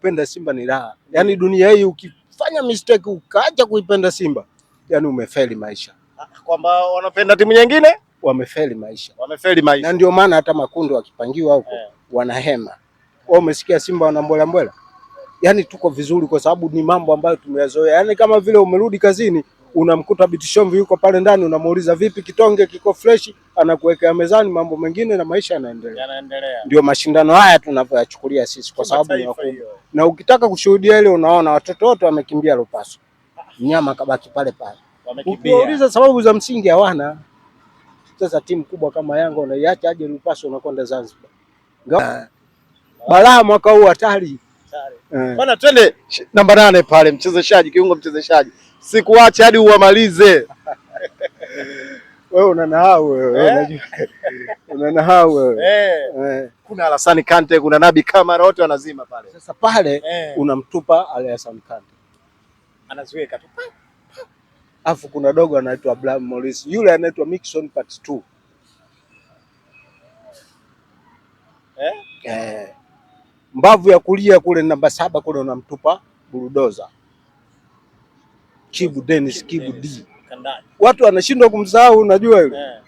kupenda Simba ni raha. Yaani dunia hii ukifanya mistake ukaacha kuipenda Simba, yaani umefeli maisha. Kwamba wanapenda timu nyingine, wamefeli maisha, wamefeli maisha. Na ndio maana hata makundi wakipangiwa huko yeah, wanahema wao. Umesikia Simba wana mbwela mbwela? Yaani tuko vizuri kwa sababu ni mambo ambayo tumeyazoea. Yaani kama vile umerudi kazini unamkuta Bitishomvi yuko pale ndani, unamuuliza vipi, kitonge kiko freshi, anakuwekea mezani mambo mengine na maisha yanaendelea. Yanaendelea. Ndio mashindano haya tunavyoyachukulia sisi kwa sababu na ukitaka kushuhudia ile, unaona watoto wote wamekimbia Lupaso, mnyama kabaki pale pale. Ukiuliza sababu za msingi hawana. Sasa timu kubwa kama Yanga unaiacha aje Lupaso, unakwenda Zanzibar. Ah. Balaa mwaka huu hatari eh. bana, twende namba nane pale, mchezeshaji kiungo, mchezeshaji sikuache hadi uwamalize. Wewe unanahau wewe, unanahau wewe eh. kuna Alasani Kante, kuna Nabi Kamara, wote wanazima pale. Sasa pale eh, unamtupa Alasani Kante anaziweka tu, alafu kuna dogo anaitwa Blam Morris, yule anaitwa Mixon part 2 eh? Eh, mbavu ya kulia kule namba saba kule unamtupa Burudoza Kibu Dennis, Kibu D. Watu wanashindwa kumsahau, unajua yule eh,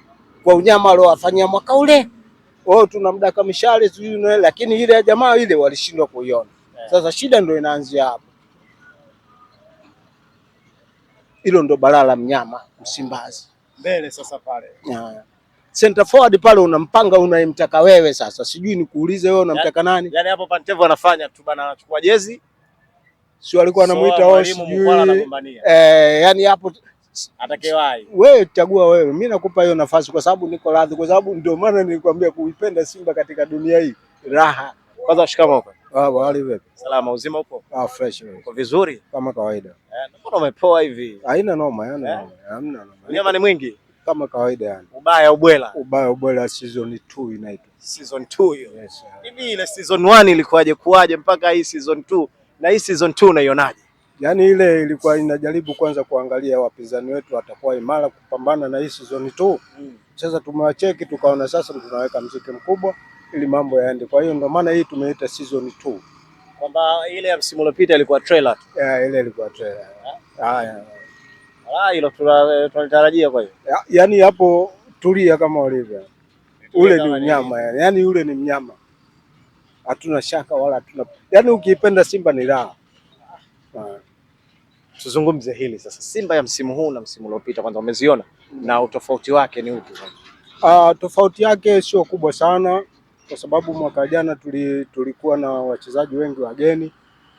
kwa unyama aliowafanyia mwaka ule eh oh, tuna mdaka mishale sijui nini, lakini ile jamaa ile walishindwa kuiona yeah. Sasa shida ndio inaanzia hapo. Hilo ndo balaa la mnyama Msimbazi. Mbele sasa pale. Yeah. Center forward pale unampanga unayemtaka wewe sasa, sijui nikuulize wewe unamtaka nani? Yaani hapo Pantevo anafanya tu bana, anachukua jezi sio, alikuwa anamuita wao sijui eh, yani hapo atakewai Wewe chagua wewe, Mimi nakupa hiyo nafasi kwa sababu niko radhi, kwa sababu ndio maana nilikwambia kuipenda Simba katika dunia hii raha. Kwanza shikamoo. Ah, wali vipi? Salama, uzima upo? Ah, fresh. wewe. Uko vizuri? Kama kawaida. Eh, mbona umepoa hivi? Haina noma, yani. Eh? Hamna noma. Nyama ni mwingi? Kama kawaida yani. Ubaya ubwela. Ubaya ubwela season 2 inaitwa. Season 2 hiyo. Yes. Hivi ile season 1 ilikuwaje kuwaje mpaka hii season 2 na hii season 2 unaionaje? Yaani ile ilikuwa inajaribu kwanza kuangalia wapinzani wetu watakuwa imara kupambana na hii season tu. Mm. Sasa tumewacheki tukaona sasa tunaweka mziki mkubwa ili mambo yaende. Kwa hiyo ndio maana hii tumeita season 2. Kwamba ile ya msimu uliopita ilikuwa trailer tu. Yeah, ile ilikuwa trailer. Haya. Ah, ah, hilo tunalitarajia kwa hiyo. Yaani hapo tulia kama walivyo. Ule ni mnyama yani. Yaani ule ni mnyama. Hatuna shaka wala hatuna. Yaani ukiipenda Simba ni raha tuzungumze hili sasa, Simba ya msimu huu na msimu uliopita, kwanza umeziona na utofauti wake ni upi? Uh, tofauti yake sio kubwa sana kwa sababu mwaka jana tuli, tulikuwa na wachezaji wengi wageni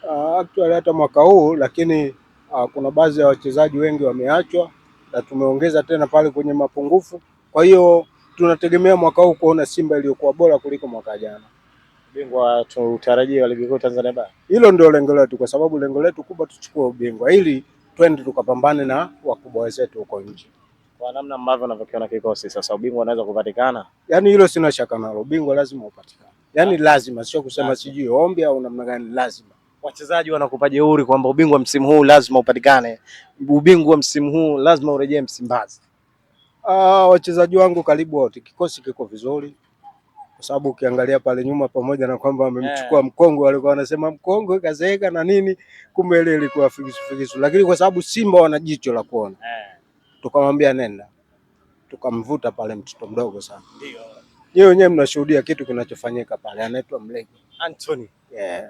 uh, actually hata mwaka huu lakini uh, kuna baadhi ya wachezaji wengi wameachwa na tumeongeza tena pale kwenye mapungufu. Kwa hiyo tunategemea mwaka huu kuona Simba iliyokuwa bora kuliko mwaka jana bingwa tutarajia wa ligi kuu Tanzania bara. Hilo ndio lengo letu, kwa sababu lengo letu kubwa tuchukue ubingwa ili twende tukapambane na wakubwa wetu huko nje. Kwa namna ambavyo unavyokiona kikosi sasa, ubingwa unaweza kupatikana, yaani hilo sina shaka nalo, ubingwa lazima upatikane, yaani ah. lazima, sio kusema sijui ombi au namna gani, lazima wachezaji wanakupa jeuri kwamba ubingwa msimu huu lazima upatikane, ubingwa msimu huu lazima urejee Msimbazi. Ah, wachezaji wangu karibu wote, kikosi kiko vizuri, sababu ukiangalia pale nyuma, pamoja na kwamba wamemchukua yeah, mkongwe, walikuwa wanasema mkongwe kazeeka na nini, kumbe ile ilikuwa figisu figisu, lakini kwa sababu Simba wana jicho la kuona yeah, tukamwambia nenda, tukamvuta pale mtoto mdogo sana ndio yeye wenyewe mnashuhudia kitu kinachofanyika pale, anaitwa Mlege Anthony. Yeah.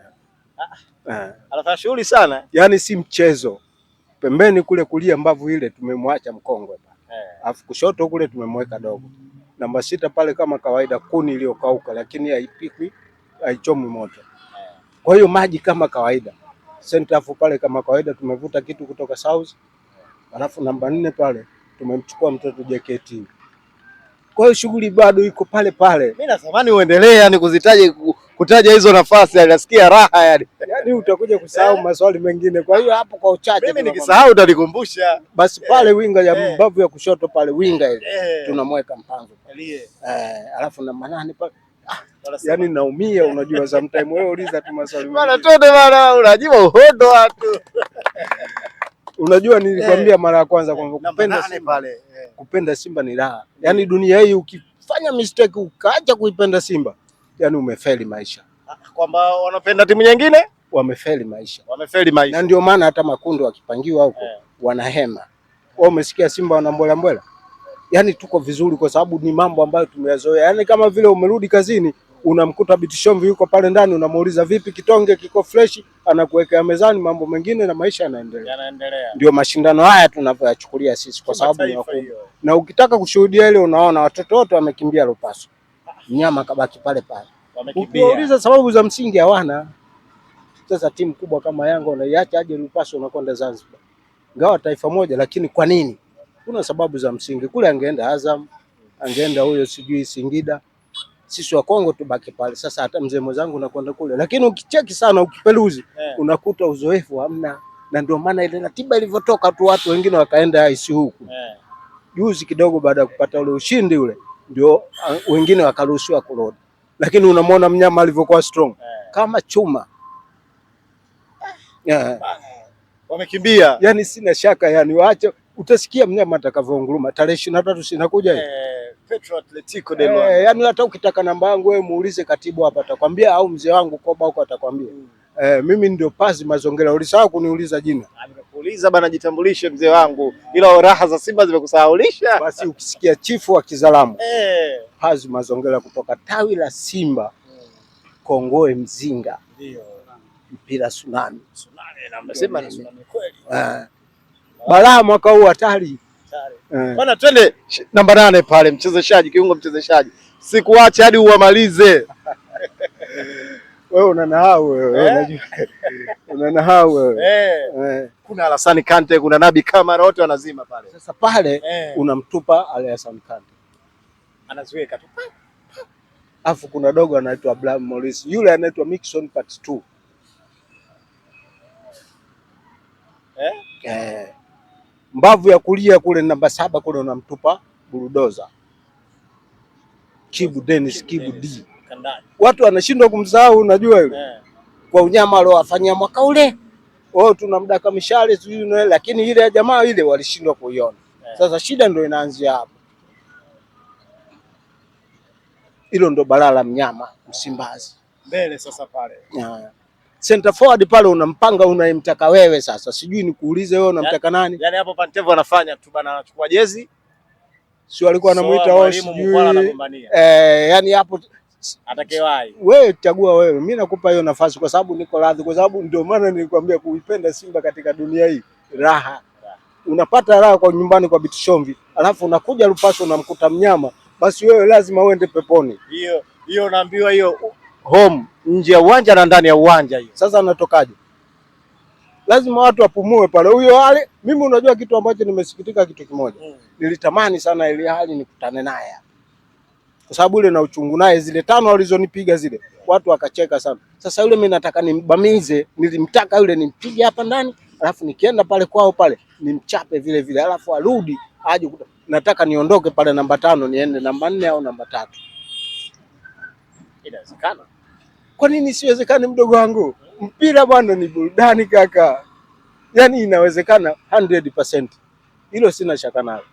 Ah, eh. anafanya shughuli sana, eh? yani, si mchezo. Pembeni kule kulia mbavu ile tumemwacha mkongwe pale, eh. alafu yeah, kushoto kule tumemweka dogo Namba sita pale kama kawaida kuni iliyokauka, lakini haipikwi, haichomwi moto. Kwa hiyo maji kama kawaida, sentafu pale kama kawaida tumevuta kitu kutoka south, alafu namba nne pale tumemchukua mtoto JKT. Kwa hiyo shughuli bado iko pale pale. Mimi natamani uendelee, yani kuzitaje kutaja hizo nafasi, nasikia raha yani ni yaani utakuja kusahau maswali mengine. Kwa hiyo hapo kwa uchache, mimi nikisahau utanikumbusha. Basi pale eh, winga ya eh. mbavu ya kushoto pale winga ile eh. tunamweka mpango eh, alafu na manani pale ah, yani naumia, unajua sometimes wewe uliza tu maswali. Bana tote bana, unajua uhodo watu. Unajua nilikwambia mara ya kwanza kwamba kupenda Simba pale. Kupenda Simba ni raha. Yaani dunia hii ukifanya mistake ukaacha kuipenda Simba, yani umefeli maisha. Ah, kwamba wanapenda timu nyingine? wamefeli maisha, wamefeli maisha, na ndio maana hata makundi wakipangiwa huko yeah. wanahema wao. Umesikia Simba wana mbwela mbwela, yani tuko vizuri kwa sababu ni mambo ambayo tumeyazoea, Yani kama vile umerudi kazini unamkuta Bitishomvi yuko pale ndani, unamuuliza vipi, kitonge kiko fresh, anakuwekea mezani mambo mengine na maisha yanaendelea, yanaendelea. Ndio mashindano haya tunavyoyachukulia sisi, kwa sababu ni wakubwa, na ukitaka kushuhudia ile, unaona watoto wote wamekimbia Lupaso, nyama kabaki pale pale, ukiwauliza sababu za msingi hawana. Sasa timu kubwa kama Yanga unaiacha aje Lupaso unakwenda Zanzibar, ingawa taifa moja, lakini kwa nini? Kuna sababu za msingi. Kule angeenda Azam, angeenda huyo sijui Singida, sisi wa Kongo tubaki pale. Sasa hata mzee mwenzangu unakwenda kule, lakini ukicheki sana, ukipeluzi yeah, unakuta uzoefu hamna, na ndio maana ile ratiba ilivyotoka tu watu wengine wakaenda IC huku yeah. Juzi kidogo baada ya kupata ule ushindi ule ndio ah, wengine wakaruhusiwa kurudi, lakini unamwona mnyama alivyokuwa strong yeah, kama chuma yeah. Wamekimbia yani, sina shaka yani, waache utasikia mnyama atakavyounguruma tarehe ishirini na tatu sinakuja eh, Petro Atletico eh, de Luanda eh, yani hata ukitaka namba yangu wewe muulize katibu hapa atakwambia, au mzee wangu Koba huko atakwambia mm. Eh, mimi ndio Pazi Mazongera, ulisahau kuniuliza jina. Ah, nimekuuliza bana, jitambulishe mzee wangu, ila raha za Simba zimekusahaulisha. Basi ukisikia chifu wa Kizalamu eh, Pazi Mazongera kutoka tawi la Simba mm. Kongoe Mzinga, ndio mpira Sunami Nasema eh. balaa mwaka huu hatari eh. bwana, twende namba nane pale, mchezeshaji kiungo, mchezeshaji sikuache hadi uwamalize. Wewe una nahau wewe, eh. unajua una wewe Kuna Alassane Kante, kuna Nabi Kamara, wote wanazima pale. Sasa pale eh, unamtupa Alassane Kante anaziweka tu, afu kuna dogo anaitwa Blam Morris, yule anaitwa Mixon part 2 eh? Eh. Mbavu ya kulia kule namba saba kule unamtupa burudoza Kibu Dennis, Kibu D. Watu wanashindwa kumsahau, unajua yule yeah. Kwa unyama aliowafanyia mwaka ule tuna mdaka mishale sijui nini, lakini ile ya jamaa ile walishindwa kuiona yeah. Sasa shida ndio inaanzia hapo. Hilo ndo balaa la mnyama Msimbazi mbele sasa pale yeah center forward pale unampanga unayemtaka wewe. Sasa sijui nikuulize wewe unamtaka nani? Yani hapo Pantevo anafanya tu bana, anachukua jezi sio, alikuwa anamuita wao sijui eh, yani hapo atakewai Wewe chagua wewe, mi nakupa hiyo nafasi kwa sababu niko radhi, kwa sababu ndio maana nilikwambia kuipenda Simba katika dunia hii raha. raha unapata raha kwa nyumbani kwa Bitishomvi, alafu unakuja Lupaso unamkuta mnyama, basi wewe lazima uende peponi. Hiyo hiyo unaambiwa hiyo home nje ya uwanja na ndani ya uwanja hiyo. Sasa anatokaje? Lazima watu wapumue pale. Huyo hali mimi, unajua kitu ambacho nimesikitika kitu kimoja. Mm. Nilitamani sana ile hali nikutane naye. Kwa sababu ile na uchungu naye zile tano alizonipiga zile. Watu wakacheka sana. Sasa yule mimi nataka nimbamize, nilimtaka yule nimpige hapa ndani, alafu nikienda pale kwao pale, nimchape vile vile, alafu arudi aje nataka niondoke pale namba tano niende namba nne au namba tatu. Inawezekana. Kwa nini siwezekani mdogo wangu? Mpira bwana ni burudani kaka, yaani inawezekana 100%. Hilo sina shaka nalo.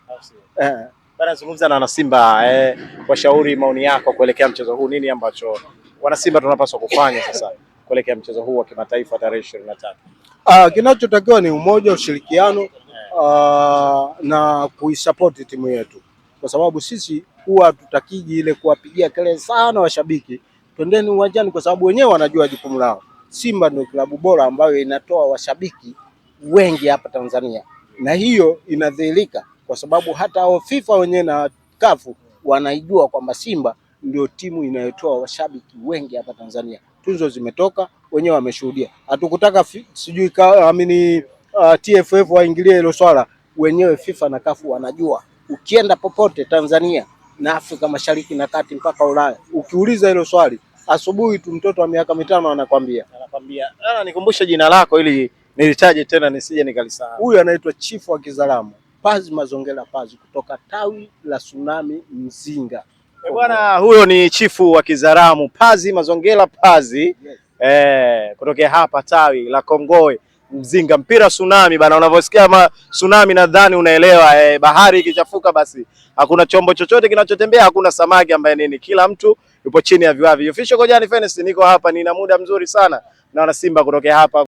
Eh. Bana, zungumza na wanasimba eh, washauri maoni yako kuelekea mchezo huu, nini ambacho wanasimba tunapaswa kufanya sasa kuelekea mchezo huu wa kimataifa tarehe ishirini na tatu? Ah, kinachotakiwa ni umoja, ushirikiano Uh, na kuisapoti timu yetu kwa sababu sisi huwa tutakiji ile kuwapigia kelele sana washabiki, twendeni uwanjani, kwa sababu wenyewe wanajua jukumu lao. Simba ndio klabu bora ambayo inatoa washabiki wengi hapa Tanzania, na hiyo inadhihirika kwa sababu hata hao FIFA wenyewe na kafu wanaijua kwamba Simba ndio timu inayotoa washabiki wengi hapa Tanzania. Tuzo zimetoka, wenyewe wameshuhudia. Hatukutaka sijui amini uh, TFF waingilie hilo swala, wenyewe FIFA na kafu wanajua. Ukienda popote Tanzania na Afrika Mashariki na Kati mpaka Ulaya, ukiuliza hilo swali asubuhi tu mtoto wa miaka mitano anakwambia anakwambia, ah, nikumbushe jina lako ili nilitaje tena nisije nikalisahau. Huyu anaitwa chifu wa Kizaramo Pazi Mazongela Pazi kutoka tawi la Tsunami Mzinga. E bwana, huyo ni chifu wa Kizaramu Pazi Mazongela Pazi, yes. E, kutokea hapa tawi la Kongoe Mzinga. Mpira tsunami bana, unavyosikia ma tsunami nadhani unaelewa. eh. bahari ikichafuka basi hakuna chombo chochote kinachotembea, hakuna samaki ambaye nini, kila mtu yupo chini ya viwavi. Official Kojani Fitness, niko hapa, nina muda mzuri sana na wana Simba kutokea hapa.